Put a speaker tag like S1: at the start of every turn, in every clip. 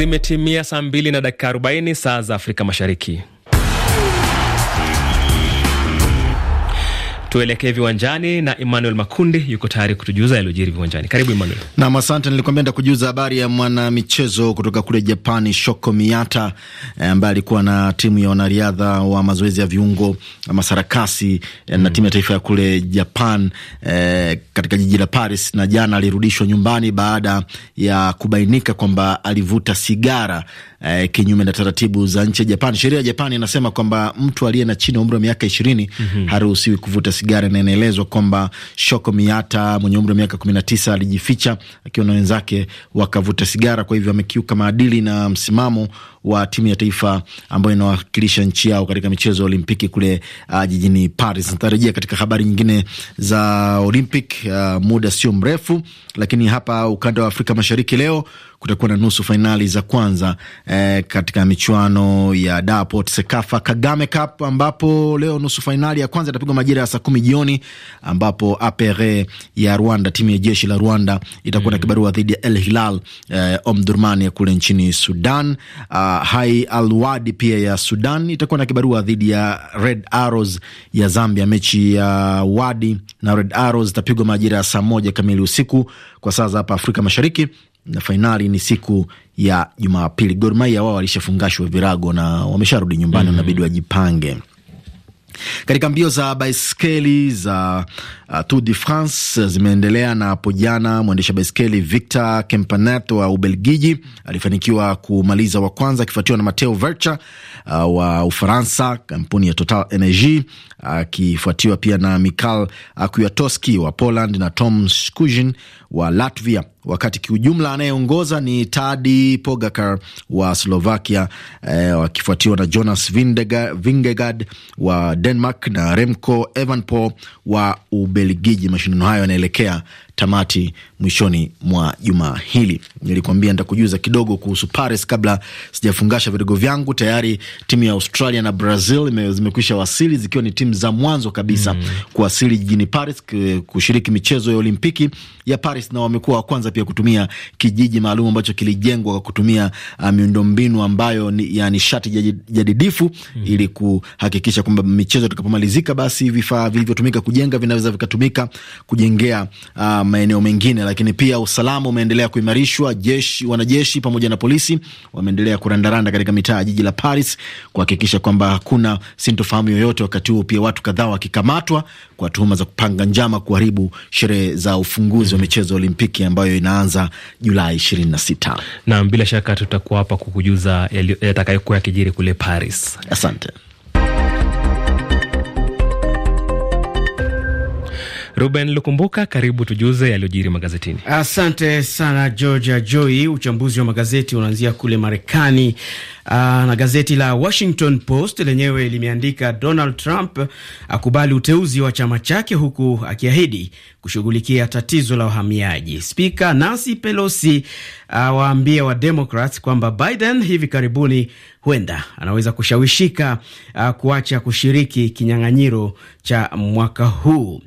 S1: Zimetimia saa mbili na dakika 40 saa za Afrika Mashariki. Tuelekee viwanjani na Emmanuel
S2: Makundi yuko tayari kutujuza yaliyojiri viwanjani. Karibu Emmanuel. Nam, asante. Nilikwambia nitakujuza habari ya mwanamichezo kutoka kule Japani, Shoko Miata eh, ambaye alikuwa na timu ya wanariadha wa mazoezi ya viungo masarakasi eh, na mm, timu ya taifa ya kule Japan eh, katika jiji la Paris, na jana alirudishwa nyumbani baada ya kubainika kwamba alivuta sigara eh, kinyume na taratibu za nchi ya Japan. Sheria ya Japan inasema kwamba mtu aliye na chini ya umri wa miaka ishirini mm -hmm. haruhusiwi kuvuta sigara inaelezwa kwamba Shoko Miata mwenye umri wa miaka tisa alijificha akiwa na wenzake wakavuta sigara, kwa hivyo amekiuka maadili na msimamo wa timu ya taifa ambayo inawakilisha nchi yao katika michezo ya Olimpiki kule uh, jijini Paris. Natarajia katika habari nyingine za Olympic uh, muda sio mrefu, lakini hapa ukanda wa Afrika Mashariki leo kutakuwa na nusu fainali za kwanza eh, katika michuano ya Dapot Sekafa Kagame Cup, ambapo leo nusu fainali ya kwanza itapigwa majira ya saa kumi jioni, ambapo APR ya Rwanda, timu ya jeshi la Rwanda itakuwa na mm -hmm. kibarua dhidi ya El Hilal eh, Omdurman ya kule nchini Sudan. Uh, Hai Alwadi pia ya Sudan itakuwa na kibarua dhidi ya Red Arrows ya Zambia. Mechi ya Wadi na Red Arrows itapigwa majira ya saa moja kamili usiku kwa saa za hapa Afrika Mashariki na fainali ni siku ya Jumapili. Gor Mahia wao walishafungashwa virago na wamesharudi nyumbani, mm -hmm. Wanabidi wajipange katika mbio za baiskeli za uh, Tour de France uh, zimeendelea, na hapo jana mwendesha baiskeli Victor Kempenaert wa Ubelgiji alifanikiwa kumaliza wa kwanza akifuatiwa na Mateo Vercher uh, wa Ufaransa, kampuni ya Total Energy, akifuatiwa uh, pia na Mikhail Kwiatkowski wa Poland na Tom Skujin wa Latvia, wakati kiujumla anayeongoza ni Tadi Pogakar wa Slovakia, eh, wakifuatiwa na Jonas Vingegaard wa Denmark na Remco Evenepoel wa Ubelgiji. Mashindano hayo yanaelekea tamati mwishoni mwa juma hili. Nilikuambia nitakujuza kidogo kuhusu Paris kabla sijafungasha vidogo vyangu. Tayari timu ya Australia na Brazil zimekwisha wasili zikiwa ni timu za mwanzo kabisa mm, kuwasili jijini Paris kushiriki michezo ya Olimpiki ya Paris, na wamekuwa wa kwanza pia kutumia kijiji maalum ambacho kilijengwa kwa kutumia uh, miundombinu ambayo ni, ya nishati jadidifu mm, ili kuhakikisha kwamba michezo itakapomalizika, basi vifaa vilivyotumika kujenga vinaweza vikatumika kujengea um, maeneo mengine. Lakini pia usalama umeendelea kuimarishwa. Jeshi, wanajeshi pamoja na polisi wameendelea kurandaranda katika mitaa ya jiji la Paris kuhakikisha kwamba hakuna sintofahamu yoyote. Wakati huo pia watu kadhaa wakikamatwa kwa tuhuma za kupanga njama kuharibu sherehe za ufunguzi wa michezo ya Olimpiki ambayo inaanza Julai 26.
S1: Naam, bila shaka tutakuwa hapa kukujuza yatakayokuwa yakijiri kule Paris. Asante.
S3: Ruben Lukumbuka, karibu tujuze yaliyojiri magazetini. Asante sana Georgia Joy. Uchambuzi wa magazeti unaanzia kule Marekani. Ah, na gazeti la Washington Post lenyewe limeandika Donald Trump akubali uteuzi wa chama chake huku akiahidi kushughulikia tatizo la wahamiaji. Spika Nancy Pelosi awaambia Wademokrat kwamba Biden hivi karibuni huenda anaweza kushawishika uh, kuacha kushiriki kinyang'anyiro cha mwaka huu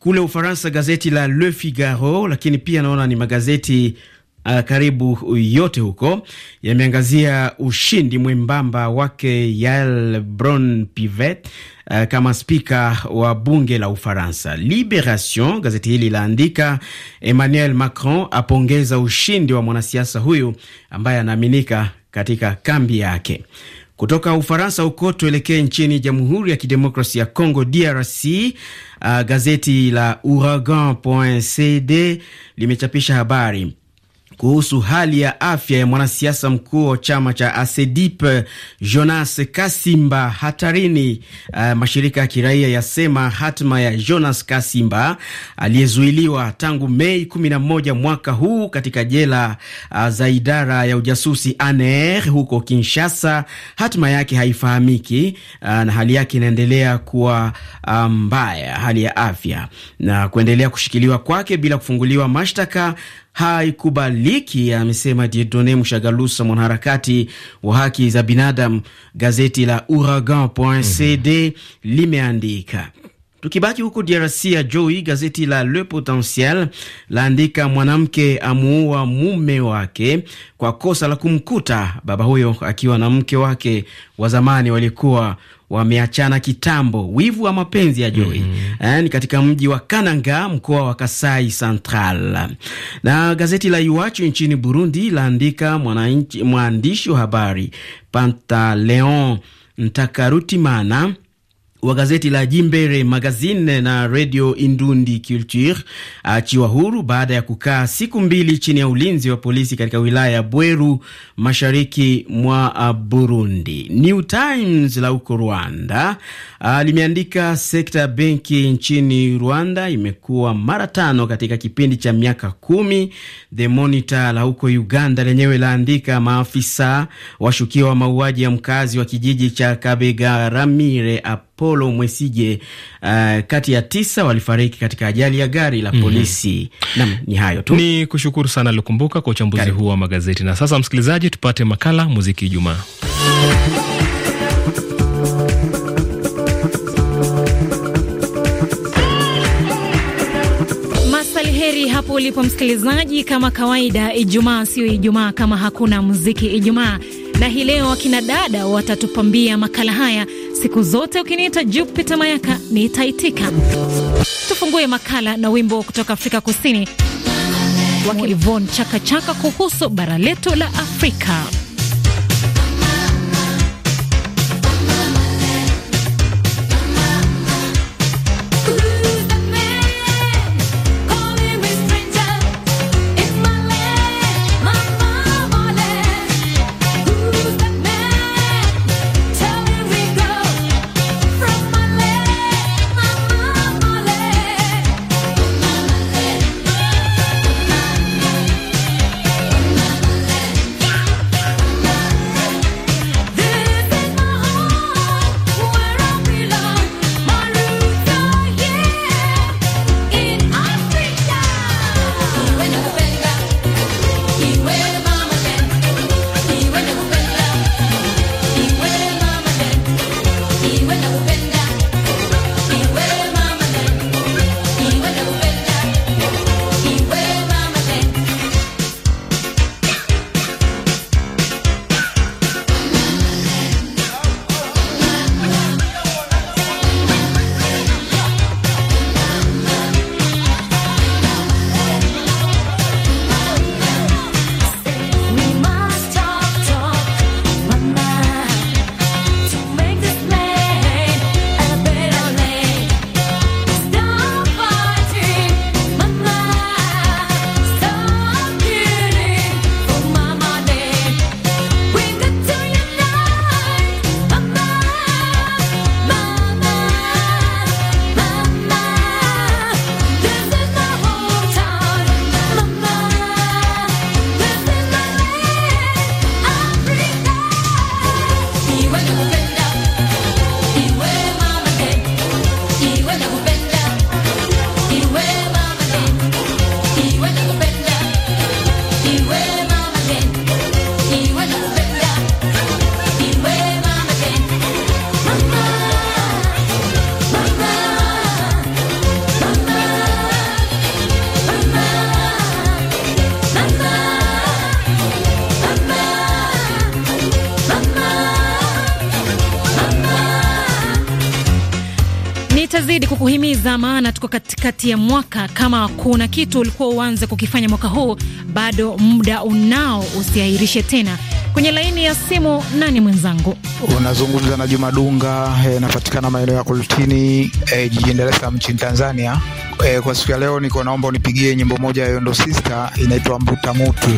S3: kule Ufaransa, gazeti la Le Figaro, lakini pia naona ni magazeti uh, karibu yote huko yameangazia ushindi mwembamba wake Yael Bron Pivet uh, kama spika wa bunge la Ufaransa. Liberation, gazeti hili laandika, Emmanuel Macron apongeza ushindi wa mwanasiasa huyu ambaye anaaminika katika kambi yake. Kutoka Ufaransa huko tuelekee nchini Jamhuri ya Kidemokrasi ya Congo, DRC. Uh, ah, gazeti la uragancd limechapisha habari kuhusu hali ya afya ya mwanasiasa mkuu wa chama cha ASEDIP Jonas Kasimba hatarini. Uh, mashirika ya kiraia yasema hatima ya Jonas Kasimba aliyezuiliwa tangu Mei 11 mwaka huu katika jela uh, za idara ya ujasusi ANR huko Kinshasa, hatima yake haifahamiki uh, na hali yake inaendelea kuwa um, mbaya, um, hali ya afya na kuendelea kushikiliwa kwake bila kufunguliwa mashtaka haikubaliki, amesema Diedone Mshagalusa, mwanaharakati wa haki za binadamu. Gazeti la -hmm. limeandika Tukibaki huko DRC ya Joi, gazeti la Le Potentiel laandika mwanamke amuua mume wake kwa kosa la kumkuta baba huyo akiwa na mke wake wa zamani walikuwa wameachana kitambo. Wivu wa mapenzi ya Joi mm, eh, ni katika mji wa Kananga, mkoa wa Kasai Central. Na gazeti la Iwachu nchini Burundi laandika mwandishi wa habari Pantaleon Ntakarutimana wa gazeti la Jimbere Magazine na Radio Indundi Culture achiwa huru baada ya kukaa siku mbili chini ya ulinzi wa polisi katika wilaya ya Bweru mashariki mwa ah, Burundi. New Times la huko Rwanda ah, limeandika sekta ya benki nchini Rwanda imekuwa mara tano katika kipindi cha miaka kumi. The Monitor la huko Uganda lenyewe laandika maafisa washukiwa wa mauaji ya mkazi wa kijiji cha Kabegaramire Polo Mwesije uh, eh, kati ya tisa walifariki katika ajali ya gari la mhm. polisi. mm -hmm. Nam, ni hayo tu, ni kushukuru sana Lukumbuka kwa uchambuzi huu wa
S1: magazeti. Na sasa msikilizaji, tupate makala muziki Ijumaa.
S4: Heri hapo ulipo msikilizaji, kama kawaida, Ijumaa sio Ijumaa kama hakuna muziki Ijumaa na hii leo akina dada watatupambia makala haya. Siku zote ukiniita jupita Mayaka nitaitika. Tufungue makala na wimbo kutoka Afrika Kusini wake Chakachaka kuhusu bara letu la Afrika. Tutazidi kukuhimiza maana tuko katikati ya mwaka. Kama kuna kitu ulikuwa uanze kukifanya mwaka huu, bado muda unao, usiahirishe tena. Kwenye laini ya simu nani mwenzangu?
S2: Unazungumza na Juma
S3: Dunga, eh, napatikana e, maeneo ya Kultini e, eh, jijini Dar es Salaam nchini Tanzania. E, kwa siku
S2: ya leo niko naomba unipigie nyimbo moja ya Yondo Sister inaitwa Mbuta Mutu.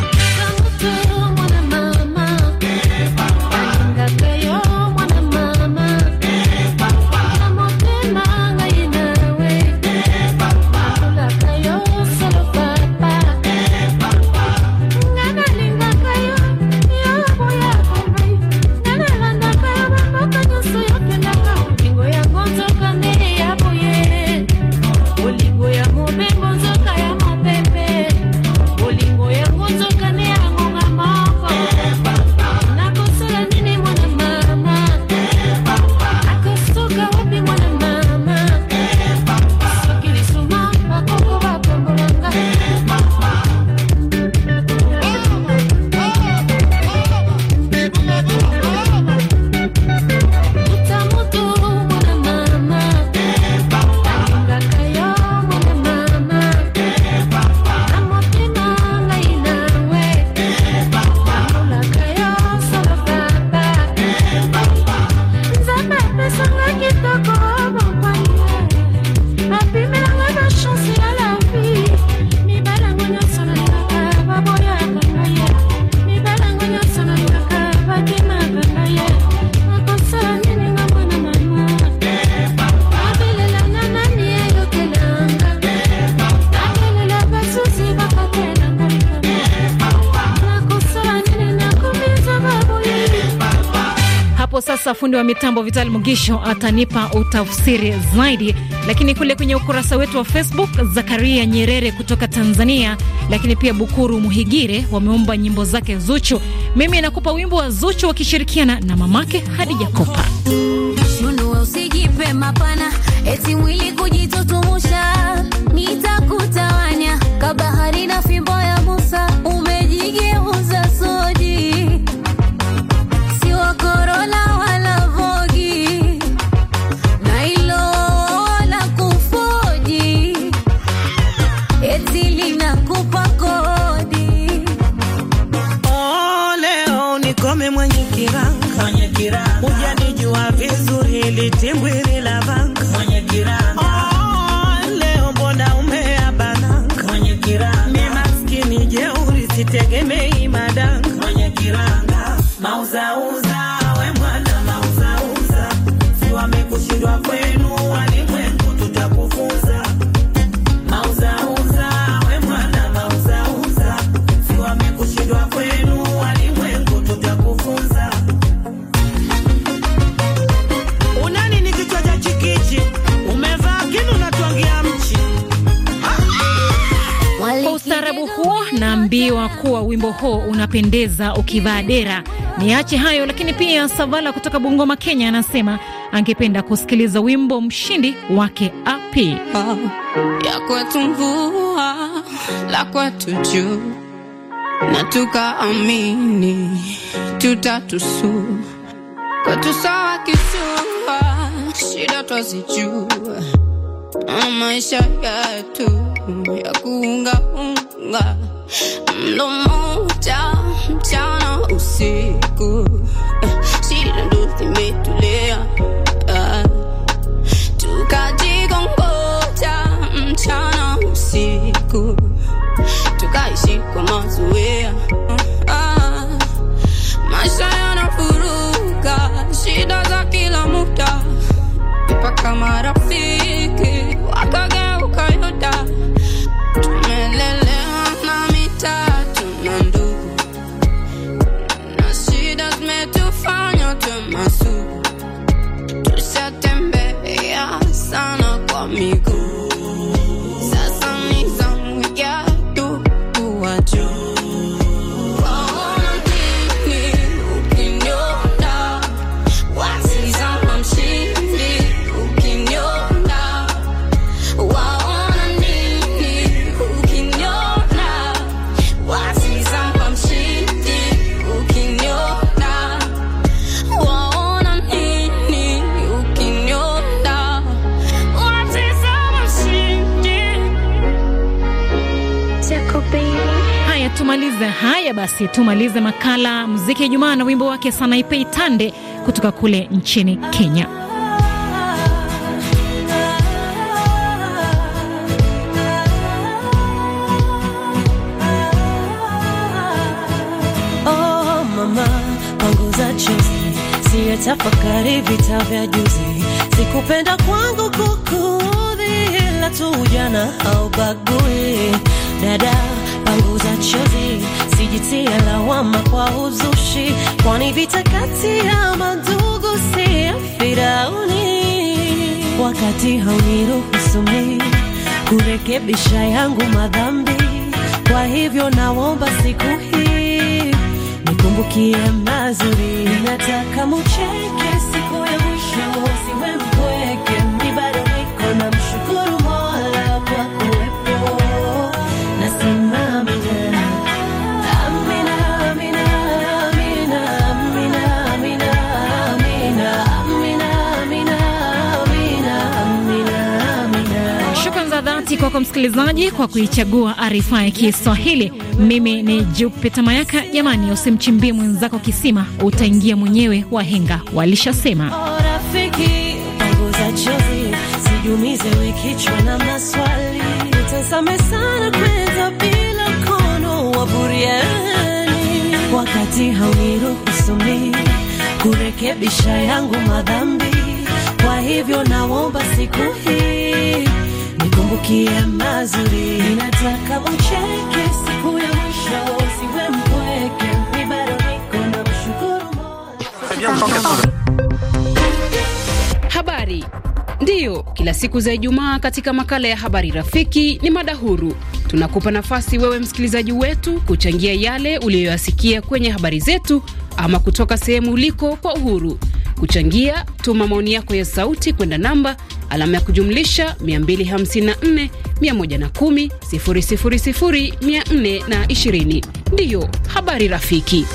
S4: sasa fundi wa mitambo Vitali Mugisho atanipa utafsiri zaidi, lakini kule kwenye ukurasa wetu wa Facebook, Zakaria Nyerere kutoka Tanzania, lakini pia Bukuru Muhigire wameomba nyimbo zake Zuchu. Mimi nakupa wimbo wa Zuchu wakishirikiana na mamake hadi Jakopa.
S5: nitakutawanya kabahari na fimbo ya Musa
S4: wako unapendeza ukivaa dera. Niache hayo, lakini pia Savala kutoka Bungoma, Kenya, anasema angependa kusikiliza wimbo mshindi wake api ya kwetu mvua la kwetu juu, na tukaamini
S6: tutatusu kwetu sawa kisua, shida twazijua, maisha yetu ya kuungaunga mdomo mchana mchana usiku shida ndo mchana usiku tukaishi kwa mazoea maisha yanafuruka shida za kila muda mpaka marafiki
S4: haya basi, tumalize makala muziki Ijumaa na wimbo wake Sanaipei Tande kutoka kule nchini Kenya.
S7: Oh, mama, siye tafakari vita vya juzi, sikupenda kwangu kukuudhi, ila tu ujana ni vita kati ya madugu, si ya Firauni. Wakati hauniruhusu mimi kurekebisha yangu madhambi, kwa hivyo naomba siku hii nikumbukie mazuri, nataka muche
S4: kwako msikilizaji kwa kuichagua arifa ya Kiswahili. Mimi ni Jupita Mayaka. Jamani, usimchimbie mwenzako kisima, utaingia mwenyewe, wahenga walishasema.
S7: Oh, Wakati hauniruhusu kurekebisha yangu madhambi, kwa hivyo naomba siku hii kukumbukia mazuri, ninataka ucheke siku ya mwisho, siwe mpweke, mi bado niko na kushukuru
S4: habari ndiyo kila siku za Ijumaa katika makala ya habari rafiki ni mada huru. Tunakupa nafasi wewe msikilizaji wetu kuchangia yale uliyoyasikia kwenye habari zetu ama kutoka sehemu uliko kwa uhuru. Kuchangia, tuma maoni yako ya sauti kwenda namba alama ya kujumlisha 254 110 000 420. Ndiyo habari rafiki.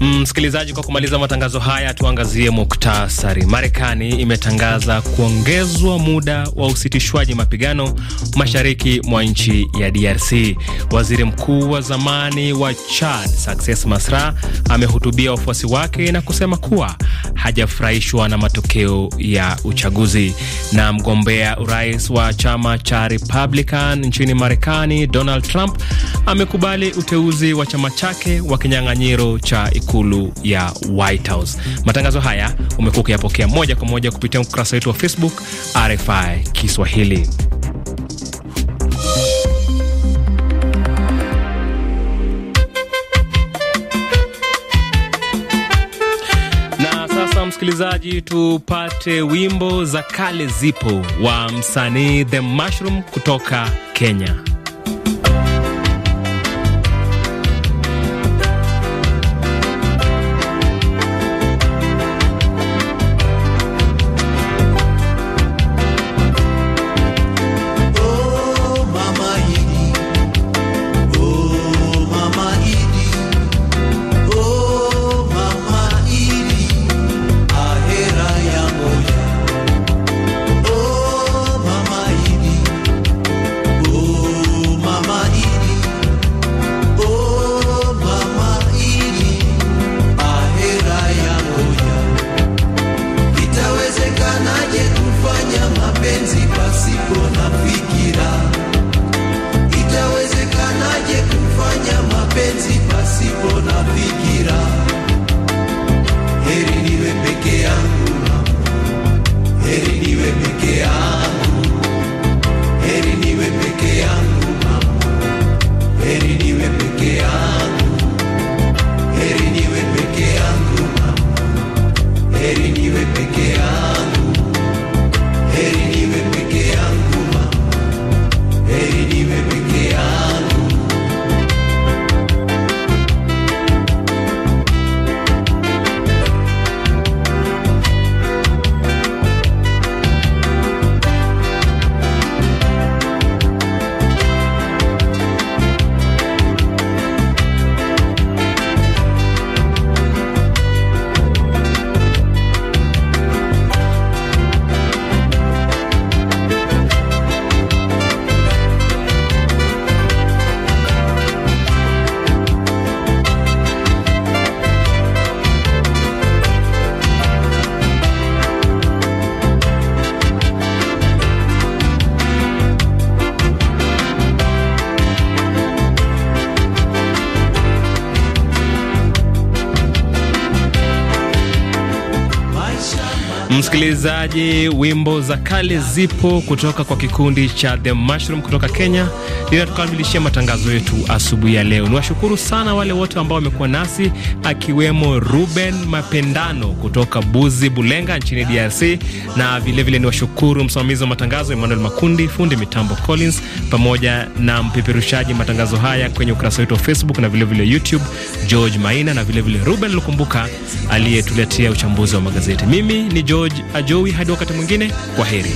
S1: Mm, msikilizaji, kwa kumaliza matangazo haya tuangazie muktasari. Marekani imetangaza kuongezwa muda wa usitishwaji mapigano mashariki mwa nchi ya DRC. Waziri mkuu wa zamani wa Chad Success Masra amehutubia wafuasi wake na kusema kuwa hajafurahishwa na matokeo ya uchaguzi. Na mgombea urais wa chama cha Republican nchini Marekani Donald Trump amekubali uteuzi wa chama chake wa kinyang'anyiro cha ikulu ya White House. Matangazo haya umekuwa ukiyapokea moja kwa moja kupitia ukurasa wetu wa Facebook RFI Kiswahili. Msikilizaji, tupate wimbo za kale zipo wa msanii The Mushroom kutoka Kenya. Msikilizaji, wimbo za kale zipo kutoka kwa kikundi cha The Mushroom kutoka Kenya linatukamilishia matangazo yetu asubuhi ya leo. Niwashukuru sana wale wote ambao wamekuwa nasi, akiwemo Ruben Mapendano kutoka Buzi Bulenga nchini DRC, na vilevile niwashukuru msimamizi wa matangazo Emmanuel Makundi, fundi mitambo Collins, pamoja na mpeperushaji matangazo haya kwenye ukurasa wetu wa Facebook na vilevile vile YouTube George Maina, na vilevile vile Ruben Lukumbuka aliyetuletea uchambuzi wa magazeti. Mimi ni George George Ajowi. Hadi wakati mwingine, kwa heri.